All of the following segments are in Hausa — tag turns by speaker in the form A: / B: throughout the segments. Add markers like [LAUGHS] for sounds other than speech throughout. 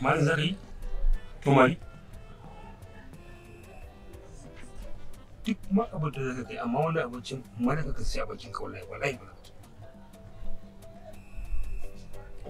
A: manzari tumari duk ma abin da zaka kai amma wani abincin mara ka kasi a bakin ka wallahi wallahi ba ka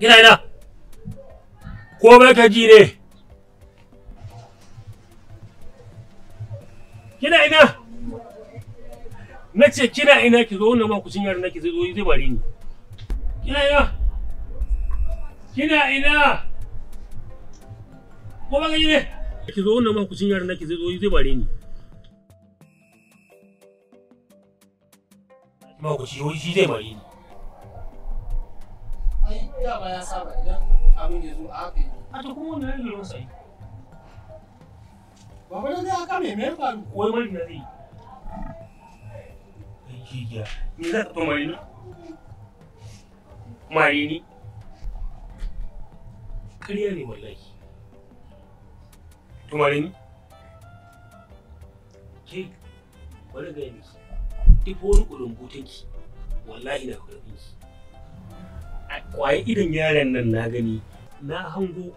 A: ina ina ko ba ka ji ne kina ina na ce kina ina ki zo wannan ku yaron na ki zo zai bare ni kina ina kina ina ko ba gani ne ki zo wannan ku yaron na ki zo zai bare ni makuci wai shi zai bare ni ai ba ya saba idan abin ya zo a yi a ta kuma wannan yaron sai Baba da zai aka me me faru? Wai mari na zai. yi. kiya. Me za ka fa mari ni? Mari ni? Kariya ne wallahi. To mari ni? Ke bari ga ni. Duk wani kulumbutanki wallahi na kulumbutanki. Kwaye idan yaren nan na gani na hango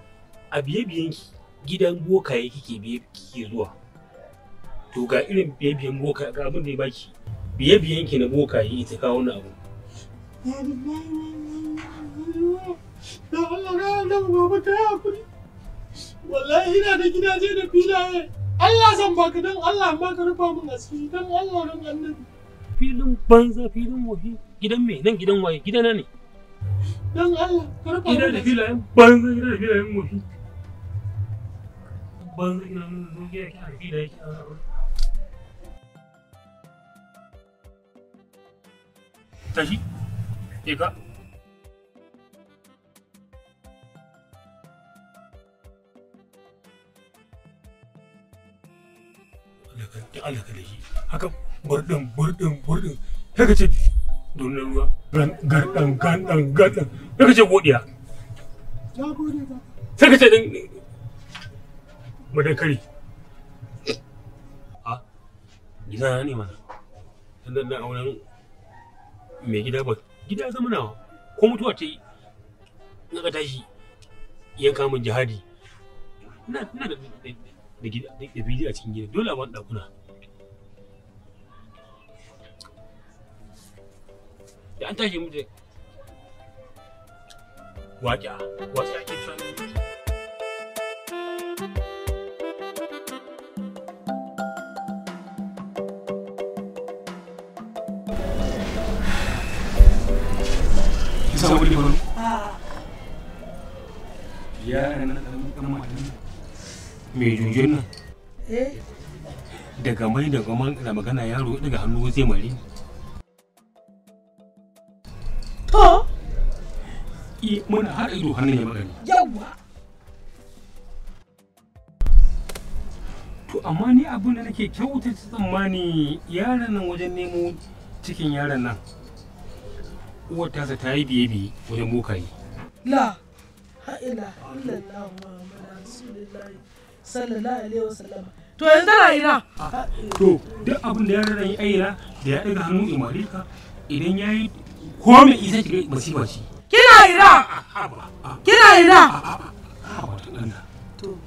A: a biye biyenki. gidan bokaye kike biye kike zuwa to ga irin biye-biyen boka ga abin da ya baki biye-biyen ki na bokaye ita kawo wani
B: abu wallahi ina da gidaje da filaye Allah zan baka dan Allah amma ka rufa min
A: asiri dan Allah ran annabi filin banza filin wahi gidan me nan gidan waye gidana ne dan Allah ka rufa min asiri gidan da filayen banza gidan da filayen wahi banza ina nuna zo gida kina bi da kina Allah shi haka sai ka ce donar ruwa garɗan garɗan garɗan sai ka ce godiya sai ka ce madakari a gida ne mana sannan na auren mai gida ba gida ya zama nawa ko mutuwa ta yi na ka tashi yan kamun jihadi na da da fili a cikin gida dole a wani ɗakuna da an tashi mutu waƙa waƙa ake tsanin saboda baro mai junjun nan eh? daga mai daga da magana yaro daga hannu zai mare to muna har ido hannun ya magani yawa to amma ni abin da nake kyautata tsammani yaran nan wajen nemo cikin yaran nan uwar tasa ta yi biye biye wajen bokaye
B: la ha ila illallah Muhammad rasulullahi sallallahu alaihi wasallam to yanzu ra ina
A: to duk abin da ya rara yi aira da ya daga hannu imari ka idan ya yi ko mai isa ki masifa shi. kina ina kina ina to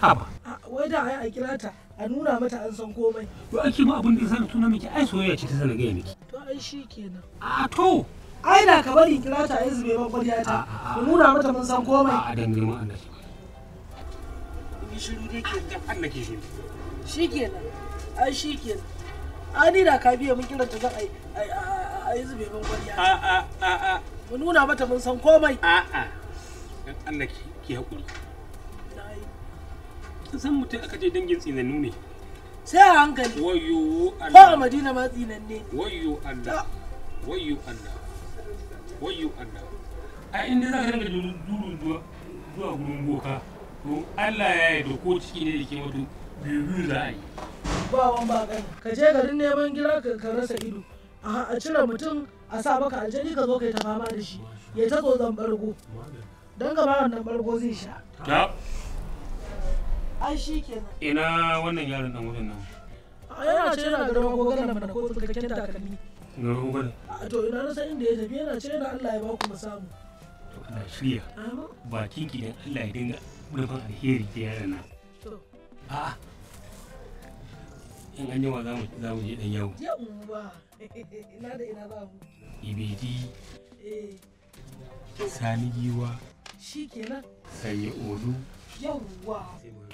A: haba
B: wai da ai a kirata a nuna mata an san komai
A: to ake ma abin da ya sanar tunan miki ai soyayya ce ta sanar gaya miki ai shi
B: kenan a to ai da ka bari kira ta yanzu bai ta nuna mata mun san komai a
A: dan girman Allah ni shiru dai ke Allah ke
B: shi kenan ai shi kenan da ka biya mun kira ta zan ai ai yanzu a a a a mu nuna mata mun san komai a a
A: dan Allah ki ki hakuri san mutum aka je dangin tsinannu ne sai a hankali ko a madina
B: matsi nan ne
A: wayo Allah wayo Allah wayo Allah a inda za ka rinka durun zuwa gurin boka to Allah ya yarda ko ciki ne da ke mutu biyu biyu za a yi
B: ba wan ba ka je garin neman gida ka rasa ido a cire mutum a sa baka aljani ka zo kai ta fama da shi ya ta tsotson bargo don gaba wannan bargo zai sha ai shi kenan
A: ina wannan yaron dan wurin nan
B: a yana ce yana garin gogalan mana ko tsakakken takalmi garin a to ina rasa inda ya tafi yana ce yana Allah ya ba ku samu
A: to Allah shirya bakin ki dan Allah ya dinga rufin alheri ke yaron nan
B: to a
A: in an yi wa zamu mu je dan yawo
B: yawa [LAUGHS] ina da ina ba mu ibidi eh
A: sani giwa shikenan sai ya odu
B: yawwa sai